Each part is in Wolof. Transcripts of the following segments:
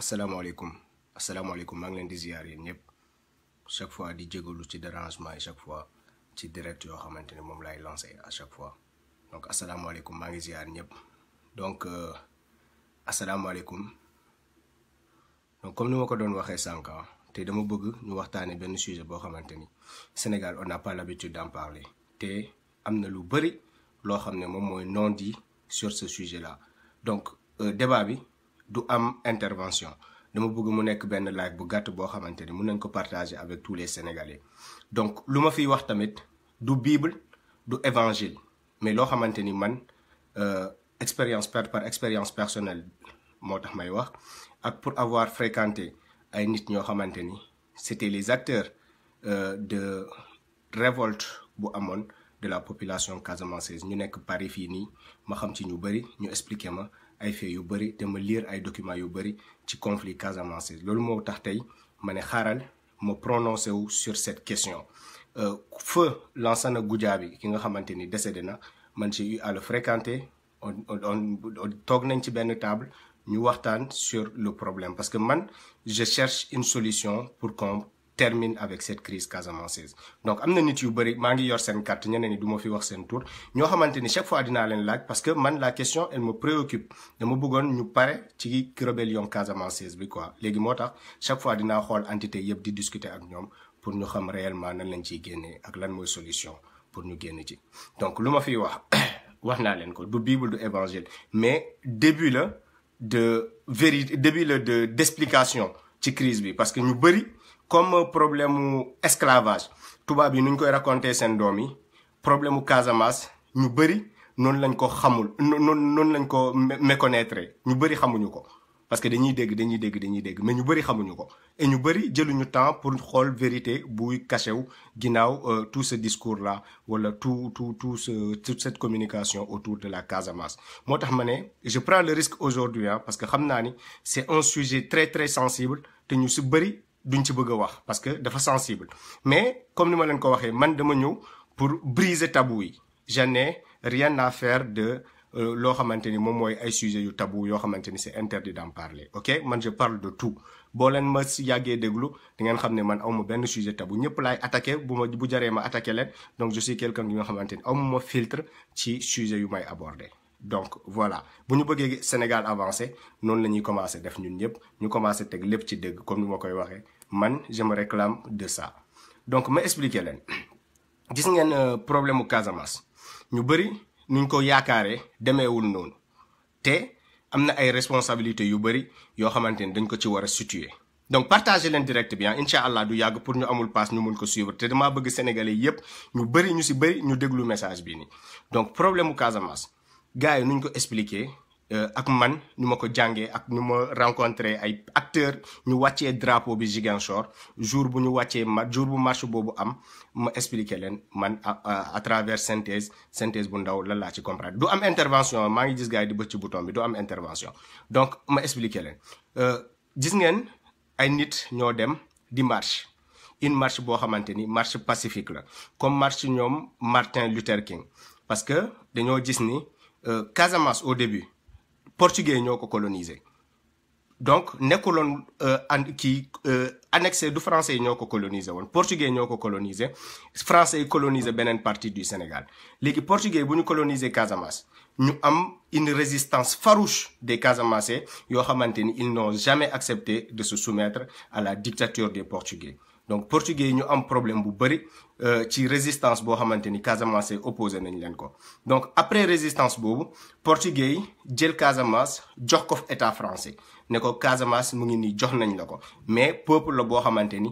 asalaamaaleykum asalaamaaleykum maa ngi leen di ziar yéen ñëpp chaque fois di jégalu ci dérangement yi chaque fois ci direct yoo xamante ne moom laay lancé a chaque fois donc asalaamaaleykum maa ngi ziar ñëpp donc euh, asalaamaaleykum donc comme ni ma ko doon waxee sànq ah, te dama bëgg ñu waxtaanee benn sujet boo xamante ni Sénégal on n'a pas l'habitude d'en parler te am na lu bëri loo xam ne moom mooy non di sur ce sujet là donc euh, débat bi. du am intervention dama bëgg mu nekk benn laaj bu gàtt boo xamante ni mun nañ ko partager avec tous les sénégalais donc lu ma fiy wax tamit du bible du évangile mais loo xamante ni man euh, expérience per par expérience personnelle moo tax may wax ak pour avoir fréquenté ay nit ñoo xamante ni c'était les acteurs euh, de révolte bu amoon de la population casamançaise ñu nekk Paris fii nii ma xam ci ñu bëri ñu expliqué ma ay fait yu bëri te ma liir ay documents yu bëri ci conflit Casamance loolu moo tax tey ma ne xaaral ma prononcé wu sur cette question euh, feu Lansana Goudiaby ki nga xamante ni décédé na man j'ai eu à le fréquenter on on toog nañ ci benn table ñu waxtaan sur le problème parce que man je cherche une solution pour qu'on termine avec cette crise casamançaise donc am na nit yu bëri maa ngi yor seen carte ñeneen du ma fi wax seen tour ñoo xamante ni chaque fois dinaa leen laaj parce que man la question elle me préoccupe ñu pare bi quoi léegi moo tax chaque fois dinaa xool entité yëpp di discuter ak ñoom pour ñu xam réellement nan génnee ak lan mooy solution pour ñu génn ci donc lu ma fiy wax wax naa leen ko du bible du évangile mais début la de vérité début la de d'explication ci comme problème mu esclavage tubaab yi nu ñu koy raconté seen doom yi problème mu Casamance ñu bëri noonu lañ ko xamul noonu noonu lañ ko méconnaître ñu bëri xamuñu ko. parce que dañuy dégg dañuy dégg dañuy dégg mais ñu bëri xamuñu ko et ñu bëri jëluñu temps pour xool vérité buy caché wu ginnaaw euh, tout ce discours la wala tout tout tout ce toute cette communication autour de la Casamance. moo tax ma ne je prends le risque aujourd'hui ah parce que xam naa ni c'est un sujet très très sensible te ñu si bëri. duñ ci bëgg a wax parce que dafa sensible mais comme ni ma leen ko waxee man dama ñëw pour briser tabou yi je n'ai rien à faire de euh, loo xamante ni moom mooy ay sujet yu tabou yoo xamante ni c'est interdit d'en parler ok man je parle de tout boo leen ma si yàggee déglu di ngeen xam ne man awma benn sujet tabou ñëpp laay attaqué bu ma bu jaree ma attaqué leen donc je suis quelqu'un nga xamante ni awma ma filtre ci sujet yu may abordé donc voilà bu ñu bëggee Sénégal avancé noonu la ñuy commencé def ñun ñëpp ñu commencé teg lépp ci dëgg comme nu ma koy waxee man je me réclame de ça donc ma expliquer leen gis ngeen euh, problème mu Casamance ñu bëri nuñ ko yaakaaree demeewul noonu te am na ay responsabilités yu bari yoo xamante ni dañ ko ci war a situer donc partagez leen direct bi incha allah du yàgg pour ñu amul pass ñu mun ko suivre te damaa bëgg sénégalais yëpp ñu bëri ñu si bëri ñu déglu message bii nii donc problème mu Casamance. gars yi nuñ ko expliquer euh, ak man ñu ma ko jàngee ak ñu ma rencontré ay acteurs ñu wàccee drapo bi Ziguinchor jour bu ñu wàccee ma jour bu marche boobu am ma expliquer leen man a travers synthèse synthèse bu ndaw lan laa ci comprendre du am intervention maa ngi gis gars di bëcc ci bouton bi du am intervention donc ma expliquer leen euh, gis ngeen ay nit ñoo dem di marche une marche boo xamante ni marche pacifique la comme marche ñoom Martin Luther King parce que dañoo gis ni Euh, Casamance au début portugais ñoo ko colonisé donc nekkuloon euh, an kii euh, annexé du français yi ñoo ko colonisé woon portugais ñoo ko colonisé français coloniser beneen partie du Sénégal léegi portugais bu ñu colonisé Casamance ñu am une résistance farouche de Casamançais yoo xamante ni ils n'ont jamais accepté de se soumettre à la dictature des portugais donc portugais yi ñu am problème bu bëri euh, ci résistance boo xamante ni Casamance opposé nañ leen ko donc après résistance boobu portugais yi jël Casamance jox ko état français ne ko Casamance mu ngi nii jox nañ la ko mais peuple la boo xamante ni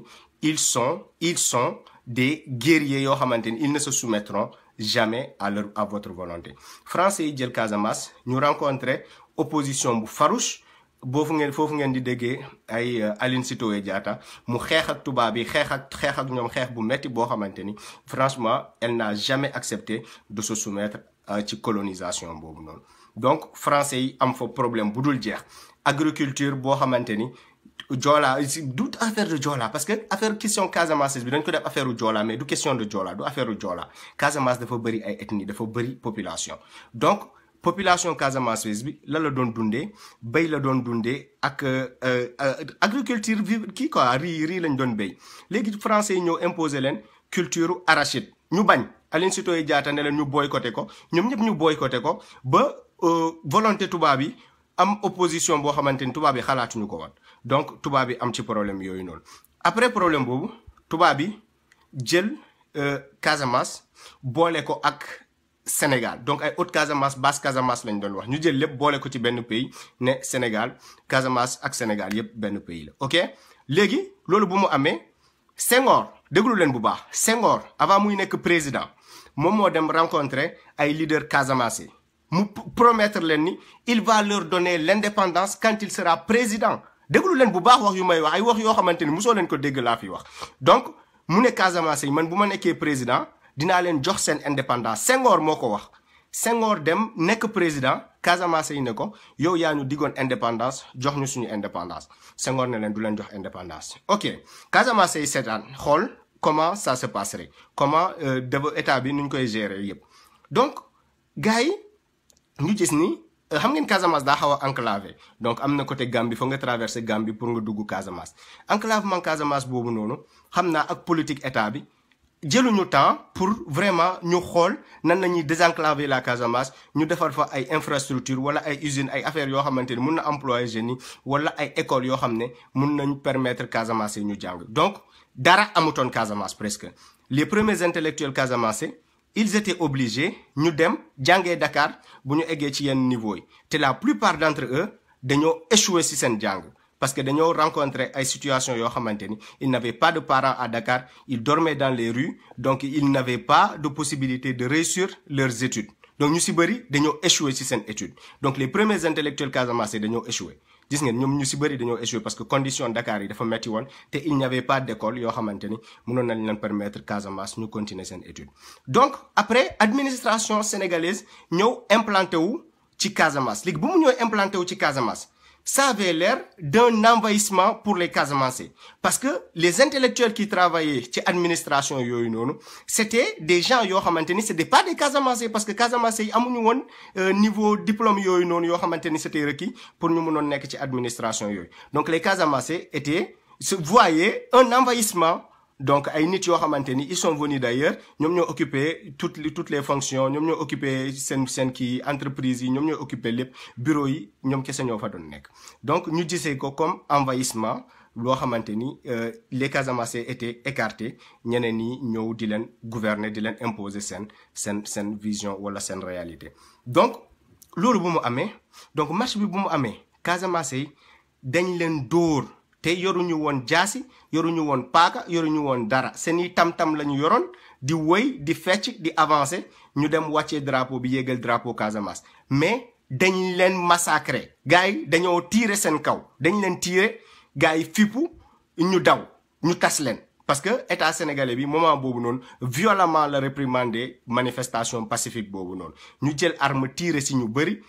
ils sont ils sont des guerriers yoo xamante ni ils ne se soumettront jamais à leur à votre volonté français yi jël Casamance ñu rencontré opposition bu farouche boofu ngeen foofu ngeen di déggee ay euh, Aline Sitoé Diatta mu xeex ak tubaab yi xeex ak xeex ak ñoom xeex bu metti boo xamante ni franchement elle n'a jamais accepté de se soumettre euh, ci colonisation boobu noonu donc français yi am fa problème bu dul jeex agriculture boo xamante ni Joola du affaire de Joola parce que affaire question Casamance bi dañ ko def affaire u Joola mais du question de Joola du affaire u Joola Casamance dafa bëri ay ethnie dafa bëri population donc population casamançaise bi la la doon dundee bay la doon dundee ak euh, euh, agriculture vi kii quoi riz riz lañ doon béy léegi français ñëw imposer leen culture arachide ñu bañ Aline Sitoé Diatta ne leen ñu boycotté ko ñoom ñëpp ñu boycotté ko ba euh, volonté tubaab yi am opposition boo xamante ni tubaab yi xalaatuñu ko woon donc tubaab yi am ci problème yooyu noonu après problème boobu tubaab yi jël Casamance boole ko ak. Sénégal donc ay Haute Casamance Basse Casamance lañu doon wax ñu jël lépp boole ko ci benn pays ne Sénégal Casamance ak Sénégal yépp benn pays la ok léegi loolu bu mu amee Senghor déglu leen bu baax Senghor avant muy nekk président moom moo dem rencontrer ay leader Casamance yi mu promettre leen ni il va leur donner l'indépendance quand il sera président déglu leen bu baax wax yu may wax ay wax yoo xamante ni mosoo leen ko dégg laa fi wax donc mu ne Casamance yi man bu ma nekkee président dinaa leen jox seen indépendance Senghor moo ko wax sengor dem nekk président Casamance yi ne ko yow yaa ñu diggoon indépendance jox ñu suñu indépendance Senghor ne leen du leen jox indépendance ok Casamance yi seetaan xool comment ça se passerait comment euh, daba état bi nu ñu koy gérer yëpp donc gars yi ñu gis ni euh, xam ngeen Casamance daa xaw a enclavé donc am na côté Gambie foog nga traverser Gambie pour nga dugg Casamance enclavement Casamance boobu noonu xam naa ak politique état bi. jëluñu temps pour vraiment ñu xool nan la ñuy désenclaver la Casamance ñu defar fa ay infrastructure wala ay usines ay affaires yoo xamante ni mun na employer jeunes wala ay écoles yoo xam ne mun nañu permettre Casamance ñu jàng donc dara amutoon Casamance presque les premiers intellectuels casamance ils étaient obligés ñu dem jàngee Dakar bu ñu eggee ci yenn niveau yi te la plupart d'entre eux dañoo échoué si seen jàng parce que dañoo rencontré ay situation yoo xamante ni ils n'avaient pas de parents à Dakar ils dormaient dans les rues donc ils n'avaient pas de possibilité de réussir leurs études donc ñu si bëri dañoo échoué ci seen étude donc les premiers intellectuels casamançais dañoo échoué gis ngeen ñoom ñu si bëri dañoo échoué parce que condition Dakar yi dafa metti woon te il n'y avait pas d'école yoo xamante ni mënoon nañ leen permettre Casamance ñu continuer seen étude donc après administration sénégalaise ñëw implanté wu ci Casamance léegi bu mu ñëw wu ci Casamance ça avait l'air d'un envahissement pour les Casamançais parce que les intellectuels qui travaillaient ci administration yooyu noonu c'était des gens yoo xamante ni c'était pas des Casamançais parce que Casamançais yi amuñu woon euh, niveau diplôme yooyu noonu yoo xamante ni c'était requis pour ñu mënoon nekk ci administration yooyu donc les Casamançais étaient se voyaient un envahissement donc ay nit yoo xamante ni ils sont venus d'ailleurs ñoom ñoo occupé toutes les toutes les fonctions ñoom ñoo occupé seen seen ki entreprise yi ñoom ñoo occupé lépp bureau yi ñoom kese ñoo fa doon nekk. donc ñu gisee ko comme envahissement loo xamante ni euh, les Casamançais étaient écarté ñeneen ñi ñëw di leen gouverner di leen imposer seen seen seen vision wala seen réalité. donc loolu bu mu amee donc marche bi bu mu amee Casamançais yi dañ leen door te yoruñu woon jaasi yoruñu woon paaka yoruñu woon dara seeni tam-tam la ñu yoroon di woy di fecc di avancer ñu dem wàccee drapo bi yéegal drapo Casamance mais dañ leen massacré gars yi dañoo tiire seen kaw dañ leen tiire gars yi fippu ñu daw ñu tas leen parce que état sénégalais bi moment boobu noonu violemment la réprimander manifestation pacifique boobu noonu ñu jël arme tiire si ñu bëri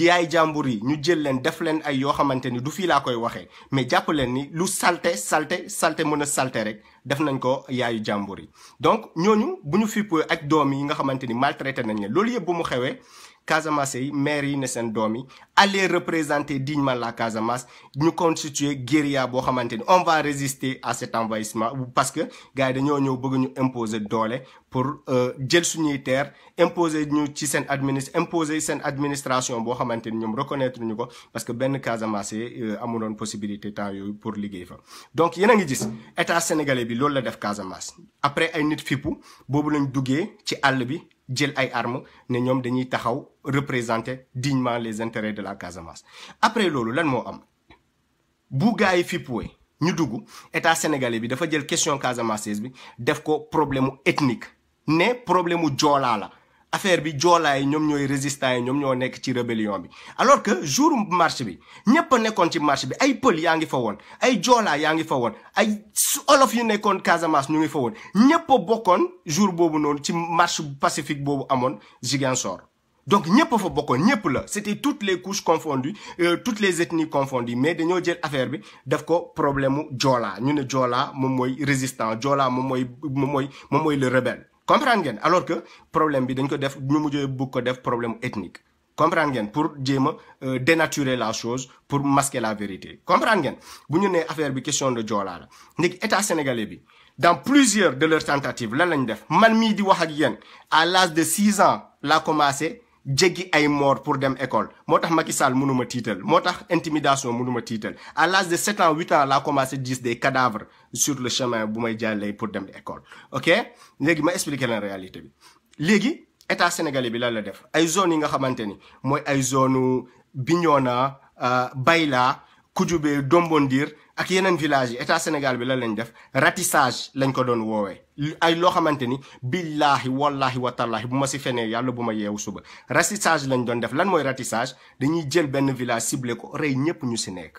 yaay jàmbur yi ñu jël leen def leen ay yoo xamante ni du fii laa koy waxee mais jàpp leen ni lu salte salte salte mën a salte rek def nañ ko yaayu jàmbur yi donc ñooñu bu ñu fipp ak doom yi nga xamante ni maltraité nañ leen loolu yëpp bu mu xewee Casamance yi maire yi ne seen doom yi aller représenter dignement la Casamance ñu constituer guérilla boo xamante ni on va résister à cet envahissement parce que gars yi dañoo ñëw bëgg ñu imposer doole pour euh, jël suñuy terre imposer ñu ci seen administ imposer seen administration boo xamante ni ñoom reconnaître ñu ko parce que benn Casamance euh, amuloon possibilité temps yooyu pour liggéey fa. donc yéen a ngi gis état sénégalais bi loolu la def Casamance après ay nit fippu boobu lañ duggee ci àll bi. jël ay armes ne ñoom dañuy taxaw représenter dignement les intérêts de la Casamance. après loolu lan moo am bu gars yi fippuwee ñu dugg état sénégalais bi dafa jël question casamançaise bi def ko problème mu ethnique ne problème mu joolaa la. affaire bi joolaa yi ñoom ñooy résistants yi ñoom ñoo nekk ci rébellion bi alors que jour marche bi ñépp a nekkoon ci marche bi ay pël yaa ngi fa woon ay joolaa yaa ngi fa woon ay olof yu nekkoon Casamance ñu ngi fa woon ñépp bokkoon jour boobu noonu ci marche pacifique boobu amoon Ziguinchor donc ñépp fa bokkoon ñépp la c'était toutes les couches confondues euh, toutes les ethnies confondues mais dañoo jël affaire bi daf ko problème mu joolaa ñu ne joolaa moom mooy résistant joolaa moom mooy moom moom mooy le rebelle comprendre ngeen alors que problème bi dañ ko def ñu mujjee bëgg ko def problème ethnique comprendre ngeen pour jéem a euh, dénaturer la chose pour masquer la vérité comprendre ngeen bu ñu nee affaire bi question de joolaa la léegi état sénégalais bi dans plusieurs de leurs tentatives lan lañ def man mii di wax ak yéen à l'âge de six ans laa commencé jéggi ay moor pour dem école moo tax Macky Sall mënuma tiital moo tax intimidation mënuma tiital à l'âge de sept ans huit ans laa commencé gis des cadavres sur le chemin bu may jàllee pour dem école ok léegi ma expliquer leen réalité bi léegi état sénégalais bi lan la def ay zones yi nga xamante ni mooy ay zone Bignona euh, Bayla Kujubi Dombondir ak yeneen village yi état Sénégal bi la lañ def ratissage lañ ko doon woowee ay loo xamante ni billaahi wallaahi watallaahi bu ma si fenee yàlla bu ma yeewu suba ratissage lañ doon def lan mooy ratissage dañuy jël benn village ciblé ko rey ñëpp ñu si nekk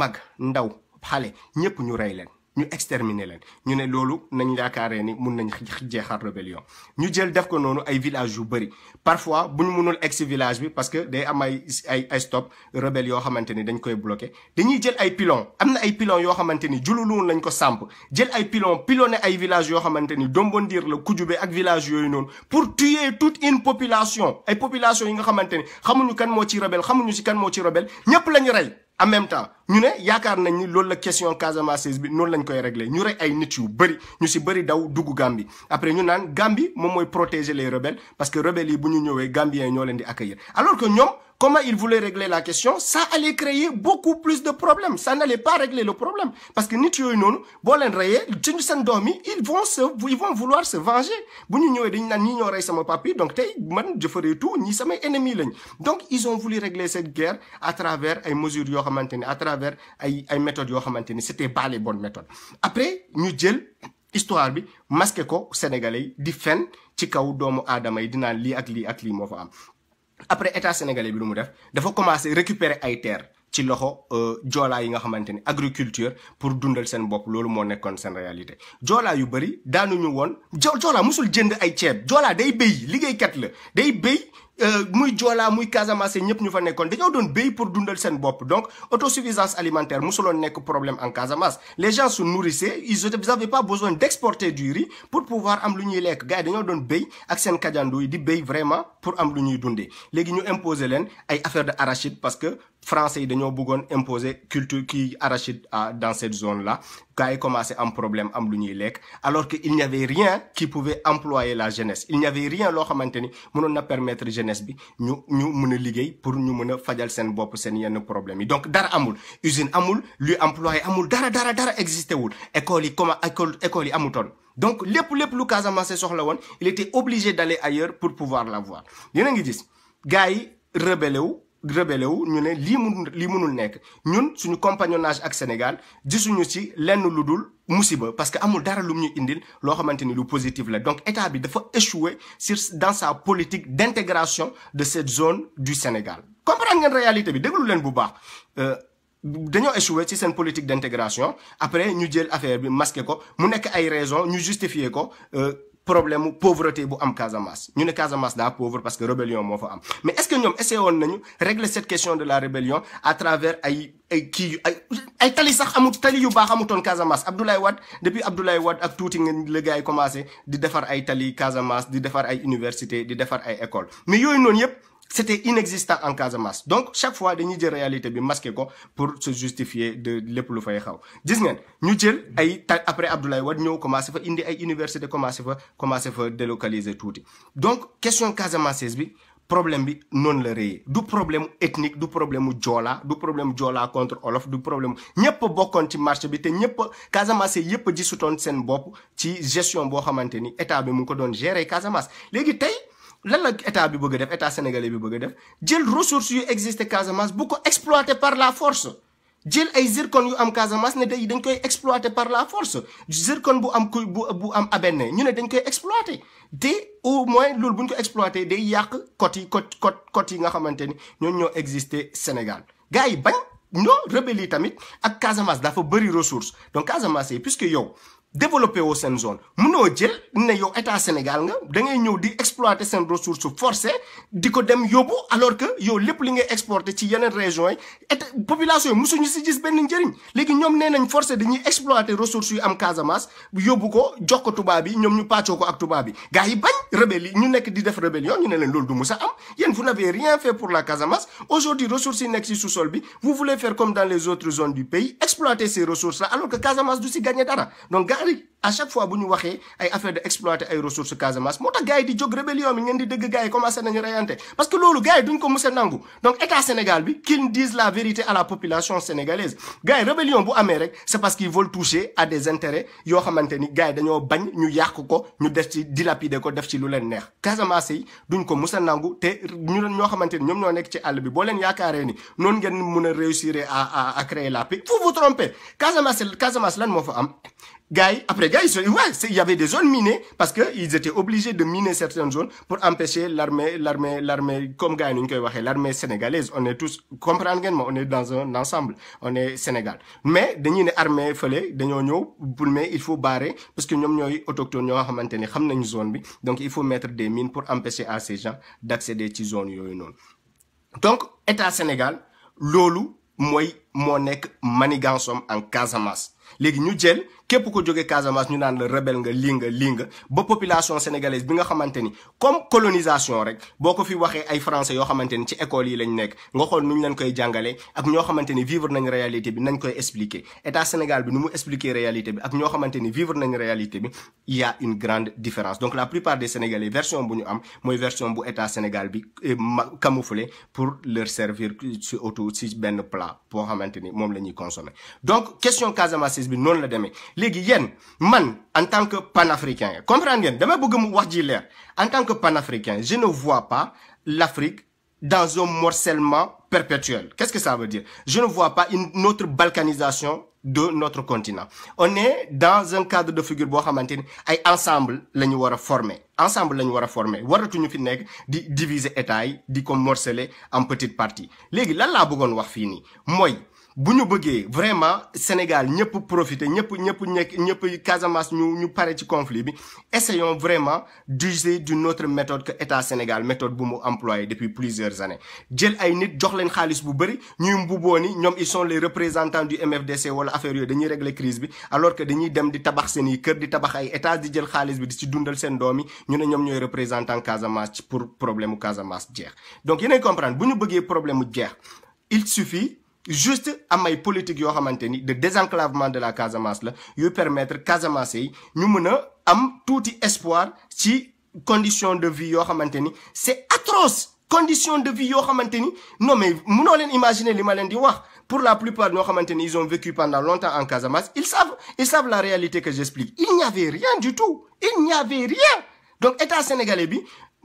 mag ndaw xale ñëpp ñu rey leen ñu exterminer leen ñu ne loolu nañ yaakaaree ni mun nañ jeexal rébellion ñu jël def ko noonu ay village yu bëri parfois bu ñu mënul egg village bi parce que day am ay ay ay stop rebelle yoo xamante ni dañ koy bloqué dañuy jël ay pilon am na ay pilon yoo xamante ni jululuun lañ ko samp jël ay pilon pilonné ay village yoo xamante ni Dombondir la Kujube ak village yooyu noonu pour tuer tout une population ay population yi nga xamante ni xamuñu kan moo ci rebelle xamuñu si kan moo ci rebelle ñëpp la ñu rey en même temps ñu ne yaakaar nañ ni loolu la question Casamance bi noonu lañ koy régler ñu rey ay nit yu bëri ñu si bëri daw dugg Gambie après ñu naan gambi moom mooy protéger les rebelles parce que rebelles yi bu ñu ñëwee Gambiens ñoo leen di accueillir alors que ñoom comment il voulait régler la question ça allait créer beaucoup plus de problèmes ça n'allait pas régler le problème parce que nit yooyu noonu boo leen reyee ci seen doom yi ils vont se ils vont vouloir se venger bu ñu ñëwee dañu naan ñii ñoo rey sama papi donc tey man je ferai tout ñii samay ennemis lañ donc ils ont voulu régler cette guerre à travers ay mesures yoo xamante ni à travers ay ay méthodes yoo xamante ni c'était pas les bonnes méthodes après ñu jël histoire bi masqué ko sénégalais di fen ci kaw doomu aadama yi dinaan lii ak ak lii moo fa après état sénégalais bi lu mu def dafa commencé récupérer ay terres ci loxo euh, joolaa yi nga xamante ni agriculture pour dundal seen bopp loolu moo nekkoon seen réalité joolaa yu bëri daanuñu woon jo joolaa musul jënd ay ceeb joolaa day béy liggéeykat la day béy euh, muy joolaa muy Casamance ñëpp ñu fa nekkoon dañoo doon béy pour dundal seen bopp donc autosuffisance alimentaire musuloon nekk problème en Casamance les gens se nourrissaient ils n'avaient pas besoin d'exporter du riz pour pouvoir am lu ñuy lekk gars yi dañoo doon béy ak seen kajando yi di béy vraiment pour am lu ñuy dundee léegi ñu imposer leen ay affaire de arachide parce que français yi ñoo bëggoon imposer culture kii arachide ah, dans cette zone la gars yi commencé am problème am lu ñuy lekk alors que il n'y avait rien qui pouvait employer la jeunesse il n'y avait rien loo xamante ni mënoon na permettre jeunesse bi ñu ñu mën a liggéey pour ñu mën a fajal seen bopp seen yenn problème yi donc dara amul usine amul luy employé amul dara dara dara existé wul école yi comment école école yi amutoon donc lépp lépp lu Casamance soxla woon il était obligé d'aller ailleurs pour pouvoir l'avoir yéen a ngi gis gars yi rebellé wu rebelle wu ñu ne lii mu lii munul nekk ñun suñu compagnonnage ak Sénégal gisuñu ci lenn lu dul musiba parce que amul dara lu ñu indil loo xamante ni lu positif la donc état bi dafa échoué sur dans sa politique d'intégration de cette zone du Sénégal. comprendre ngeen réalité bi déglu leen bu baax. Euh, dañoo échoué ci seen politique d'intégration après ñu jël affaire bi masqué ko mu nekk ay raisons ñu justifié ko. Euh, problème mu pauvreté bu am Casamance ñu ne Casamance daa pauvre parce que rébellion moo am mais est-ce que ñoom essayé woon nañu régler cette question de la rébellion à travers ay ay kii yu ay ay tali sax amut tali yu baax amutoon Casamance Abdoulaye Wade depuis Abdoulaye Wade ak tuuti ngeen la gars yi di defar ay tali Casamance di defar ay université di defar ay école mi yooyu noonu yëpp. c'était inexistant en Casamance donc chaque fois dañuy jël réalité bi masqué ko pour se justifier de lépp lu fay xaw gis ngeen ñu jël ay ta après Abdoulaye Wade ñëw commencé fa indi ay université commencé fa commencé fa délocaliser tuuti donc question casamance bi problème bi noonu la rëyee du problème ethnique du problème mu joola du problème joola contre olof du problème ñëpp bokkoon ci marché bi te ñëpp Casamance yëpp gisutoon seen bopp ci gestion boo xamante ni état bi mu ngi ko doon gérer Casamance léegi tey. lan la état bi bëgg def état sénégalais bi bëgg def jël ressources yu existé Casamance bu ko exploité par la force jël ay zircon yu am Casamance ne dañ koy exploité par la force zircon bu am ku bu bu am abenne ñu ne dañ koy exploité te au moins loolu bu ñu ko exploité day yàq côte yi côte côte yi nga xamante ni ñoom ñoo existé Sénégal gars yi bañ non rebelle tamit ak Casamance dafa bëri ressource donc Casamance yi puisque yow développé woo seen zone mënoo jël ne yow état Sénégal nga da ngay ñëw di exploiter seen ressource forcée di ko dem yóbbu alors que yow lépp li nga exporter ci yeneen régions yi état population yi mosuñu si gis benn njëriñ léegi ñoom nee nañ forcé dañuy exploiter ressources yu am Casamance yóbbu ko jox ko yi ñoom ñu pàccoo ko ak tubaab yi gars yi bañ rébelli ñu nekk di def rébellion ñu ne leen loolu du mu sa am yéen vous n'avez rien fait pour la Casamance aujourd'hui sol bi vous voulez faire comme dans les autres zones du pays exploiter ces ressources là alors si gagner dara donc ñaari à chaque fois bu ñu waxee ay affaire de exploiter ay ressources Casamance moo tax gars yi di jóg rébellion bi ngeen di dëgg gars yi reyante parce que loolu gars duñ ko mës a nangu donc état Sénégal bi qu'ils disent la vérité à la population sénégalaise gars yi rébellion bu amee rek c'est parce qu'ils veulent toucher à des intérêts yoo xamante ni gars yi dañoo bañ ñu yàq ko ñu def ci ko def ci lu leen neex Casamance yi duñ ko mës a te ñu ñoo xamante ni ñoom ñoo nekk ci àll bi boo leen yaakaaree ni noonu ngeen mën a réussir à à à créer la paix vous vous trompez Casamance Casamance lan moo fa am gars yi après gars yi sont ouais il y des zones minées parce que ils étaient obligés de miner certaines zones pour empêcher l'armée l'armée l'armée comme gars nu ñu koy waxee l'armée sénégalaise on est tous comprendre ngeen ma on est dans un ensemble on est Sénégal mais dañuy ne armée fële dañoo ñëw pour mais il faut barrer parce que ñoom ñooy autochtones ñoo xamante ne xam nañu zone bi donc il faut mettre des mines pour empêcher à ces gens d'accéder ci zone yooyu noonu donc état Sénégal loolu mooy moo nekk manigansom en Casamance léegi ñu jël képp ko jóge Casamance ñu naan la rebelle nga lii nga lii nga ba population sénégalaise bi nga xamante ni comme colonisation rek boo ko fi waxee ay français yoo xamante ni ci école yi lañ nekk nga xool nu ñu leen koy jàngalee ak ñoo xamante ni vivre nañ réalité bi nañ koy expliquer état Sénégal bi nu mu expliquer réalité bi ak ñoo xamante ni vivre nañ réalité bi il a une grande différence donc la plupart des sénégalais version bu ñu am mooy version bu état Sénégal bi eh, camouflé pour leur servir ci auto ci benn plat boo xamante ni moom la ñuy consommer donc question Casamance bi noonu la demee léegi yéen man en tant que panafricain comprendre ngeen dama bëgg mu wax ji leer en tant que panafricain je ne vois pas l'Afrique dans un morcellement perpétuel qu'est-ce que ça veut dire je ne vois pas une autre balkanisation de notre continent on est dans un cadre de figure boo xamante ni ay ensemble la ñu war a former ensemble la ñu war a former waratuñu fi nekk di diviser état yi di ko morceler en petite partie léegi lan laa bëggoon wax fii nii mooy bu ñu bëggee vraiment Sénégal ñëpp profiter ñëpp ñëpp nekk ñëpp Casamance ñu ñu pare ci conflit bi essayons vraiment du d'user d'une autre méthode que état Sénégal méthode bu mu employé depuis plusieurs années jël ay nit jox leen xaalis bu bëri ñuy mbubboo ni ñoom ils sont les représentants du MFDC wala affaire yooyu dañuy régler crise bi alors que dañuy dem di tabax seen i kër di tabax ay état di jël xaalis bi di ci dundal seen doom yi ñu ne ñoom ñooy représentant Casamance pour problème mu Casamance jeex donc yéenay comprendre bu ñu bëggee problème mu jeex il suffit juste am ay politique yoo xamante ni de désenclavement de la Casamance la yuy permettre Casamance yi ñu mën a am tuuti espoir ci condition de vie yoo xamante ni c'est atroce condition de vie yoo xamante ni non mais mënoo leen imaginer li ma leen di wax pour la plupart ñoo xamante ni ils ont vécu pendant longtemps en Casamance ils savent la réalité que j'explique il n'y avait rien du tout il n'y avait rien donc état sénégalais bi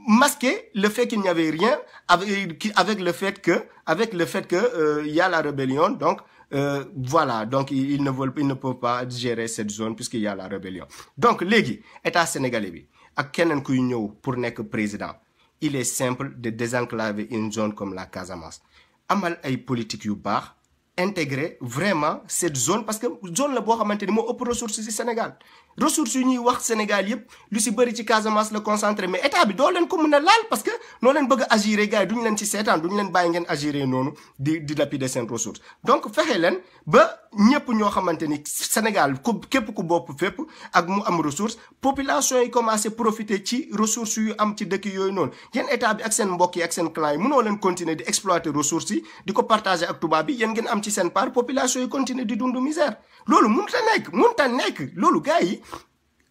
masquer le fait qu'il n'y avait rien euh, avec, le fait que avec le fait que euh, y a la rébellion donc euh, voilà donc ils ne veulent ils ne peuvent pas gérer cette zone puisqu'il y la rébellion donc léegi état sénégalais bi ak keneen kuy ñëw pour nekk président il est simple de désenclaver une zone comme la Casamance amal ay politique yu baax intégrer vraiment cette zone parce que zone la boo xamante ni moo ëpp ressource ci Sénégal ressource yu ñuy wax Sénégal yëpp lu ci bëri ci Casamance la concentré mais bi doo leen ko mën a laal parce que noo leen bëgg a agiré gars du ñu leen ci seetaan du ñu leen bàyyi gen agiré noonu di di lapider seen ressource donc fexe leen ba ñëpp ñoo xamante ni Sénégal ku képp ku bopp fépp ak mu am ressource population yi commencé profiter ci ressource yu am ci dëkk yooyu noonu yéen état bi ak seen mbokk ak seen clan yi mënoo leen continuer di exploiter ko partager ak tubaab bi yéen ngeen am ci ci seen part population yi continue di dund misère loolu mun ta nekk mun ta nekk loolu gars yi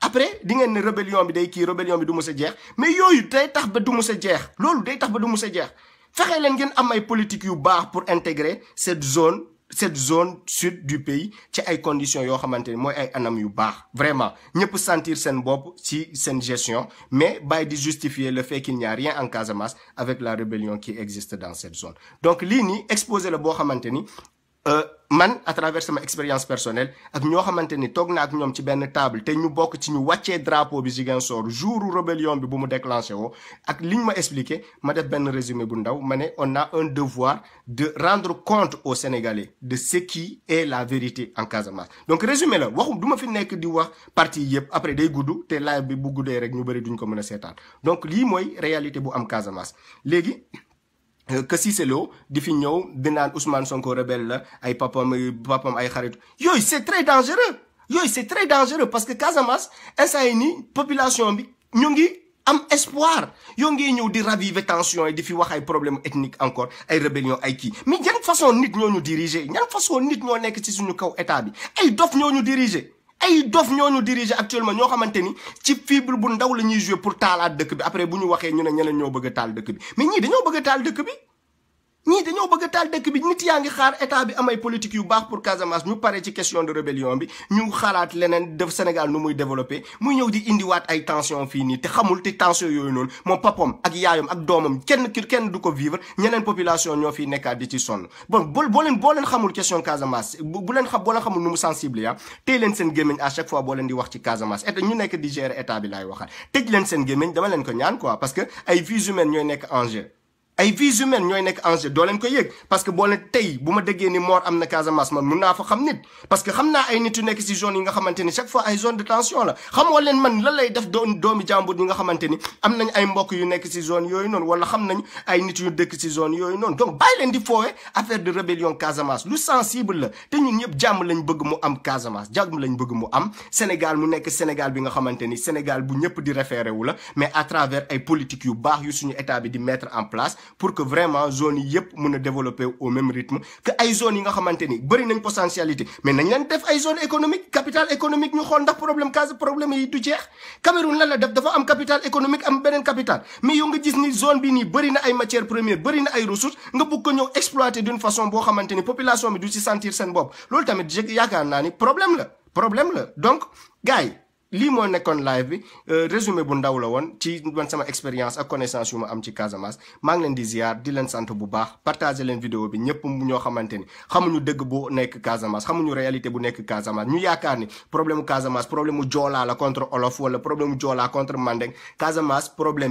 après di ngeen ne rébellion bi day kii rébellion bi du mës a jeex mais yooyu day tax ba du mës a jeex loolu day tax ba du mës a jeex fexe leen ngeen am ay politique yu baax pour intégrer cette zone cette zone sud du pays ci ay conditions yoo xamante ni mooy ay anam yu baax vraiment ñëpp sentir seen bopp ci seen gestion mais bàyyi di justifier le fait ñaar n'y a rien en avec la rébellion qui existe dans cette zone Euh, man à travers sama expérience personnelle ak ñoo xamante ni toog na ak ñoom ci benn table te ñu bokk ci ñu wàccee drapeau bi Ziguinchor jouru rébellion bi bu mu déclenché wo ak li ñu ma expliquer ma def benn résumé bu ndaw ma ne on a un devoir de rendre compte aux Sénégalais de ce et est la vérité en Casamance. donc résumé la waxu du ma fi nekk di wax parti yëpp après day gudd te live bi bu guddee rek ñu bëri duñ ko mën a seetaan donc lii mooy réalité bu am Casamance léegi. Euh, que Cissé Lo di fi ñëw di naan Ousmane Sonko rebelle la ay papam papam ay xarit yooyu c'est très dangereux yooyu c'est très dangereux parce que Casamance instant yi nii population bi ño ngi am espoir yoo ngi ñëw di raviver tension yi di fi wax ay problème ethnique encore ay rébellion ay kii mais ñan façon nit ñoo ñu diriger ñan façon nit ñoo nekk ci suñu kaw état bi ay dof ñoo ñu diriger. ay dof ñoo ñu diriger actuellement ñoo xamante ni ci fibre bu ndaw la ñuy jouer pour taalaat dëkk bi après bu ñu waxee ñu ne ñeneen ñoo bëgg a taal dëkk bi mais ñii dañoo bëgg taal dëkk bi. ñii dañoo bëgg a taal dëkk bi nit yaa ngi xaar état bi am ay politique yu baax pour Casamance ñu pare ci question de rébellion bi ñu xalaat leneen Sénégal nu muy développé muy ñëw di indiwaat ay tension fii nii te xamul te tension yooyu noonu moom papam ak yaayam ak doomam kenn kenn du ko vivre ñeneen population ñoo fiy nekkaat di ci sonn bon boo boo leen boo leen xamul question Casamance bu leen xam boo leen xamul nu mu sensible ya ah téy leen seen gémmiñ à chaque fois boo leen di leen seen gémmiñ dama leen ko ñaan quoi parce que ay vies humaines ñooy nekk en jeu doo leen ko yëg parce que boo tey bu ma déggee ni mort am na Casamance man mun naa xam nit parce que xam naa ay nit yu nekk si zone yi nga xamante ni chaque fois ay zone de tension la xamoo leen man lan lay def doon doomi am nañ ay mbokk yu nekk si zone yooyu noonu wala xam nañ ay nit yu dëkk si zone yooyu noon donc bàyyi leen di foowe affaire de rébellion Casamance lu sensible la te ñun ñëpp jàmm lañ bëgg mu am Casamance jàmm lañ bëgg mu am Sénégal mu nekk Sénégal bi nga xamante ni Sénégal bu ñëpp di référé wu la mais à travers ay politique yu baax yu suñu état bi di en place pour que vraiment zone yi yëpp a développer au même rythme que ay zone nga xamante ni bëri nañ potentialité mais nañ leen def ay zone économique capital économique ñu xool ndax problème case problème yi du jeex Cameroun lan def dafa am capital économique am beneen capital mais yow nga gis ni zone bi nii bëri na ay matières premières bari na ay ressources nga bëgg ko ñëw exploiter d'une façon boo xamante ni population bi du ci sentir seen bopp loolu tamit yaakaar naa ni problème la problème la donc gars yi lii moo nekkoon live bi euh, résumé bu ndaw la woon ci man sama expérience ak connaissance yu ma am ci Casamance maa leen di ziar di leen sant bu baax partagé leen vidéo bi ñëpp ñoo xamante ni xamuñu dëgg bu nekk Casamance xamuñu réalité bu nekk Casamance ñu yaakaar ni problème mu Casamance problème mu joolaa la contre olof wala problème mu joolaa contre mandeng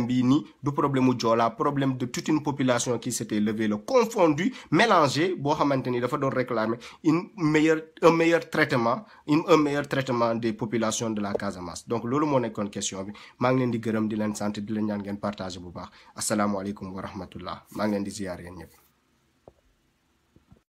bii nii du problème mu joolaa problème de toute une population qui s'était levée la confondue mélangée boo xamante ni dafa doon réclamer une meilleure un meilleur traitement une un meilleur traitement des populations de la Casamance Casamance donc loolu moo nekkoon question bi maa ngi leen gërëm di leen sant di leen ñaan ngeen partager bu baax asalaamualeykum wa rahmatullah maa ngi leen di ziyaar yéen ñëpp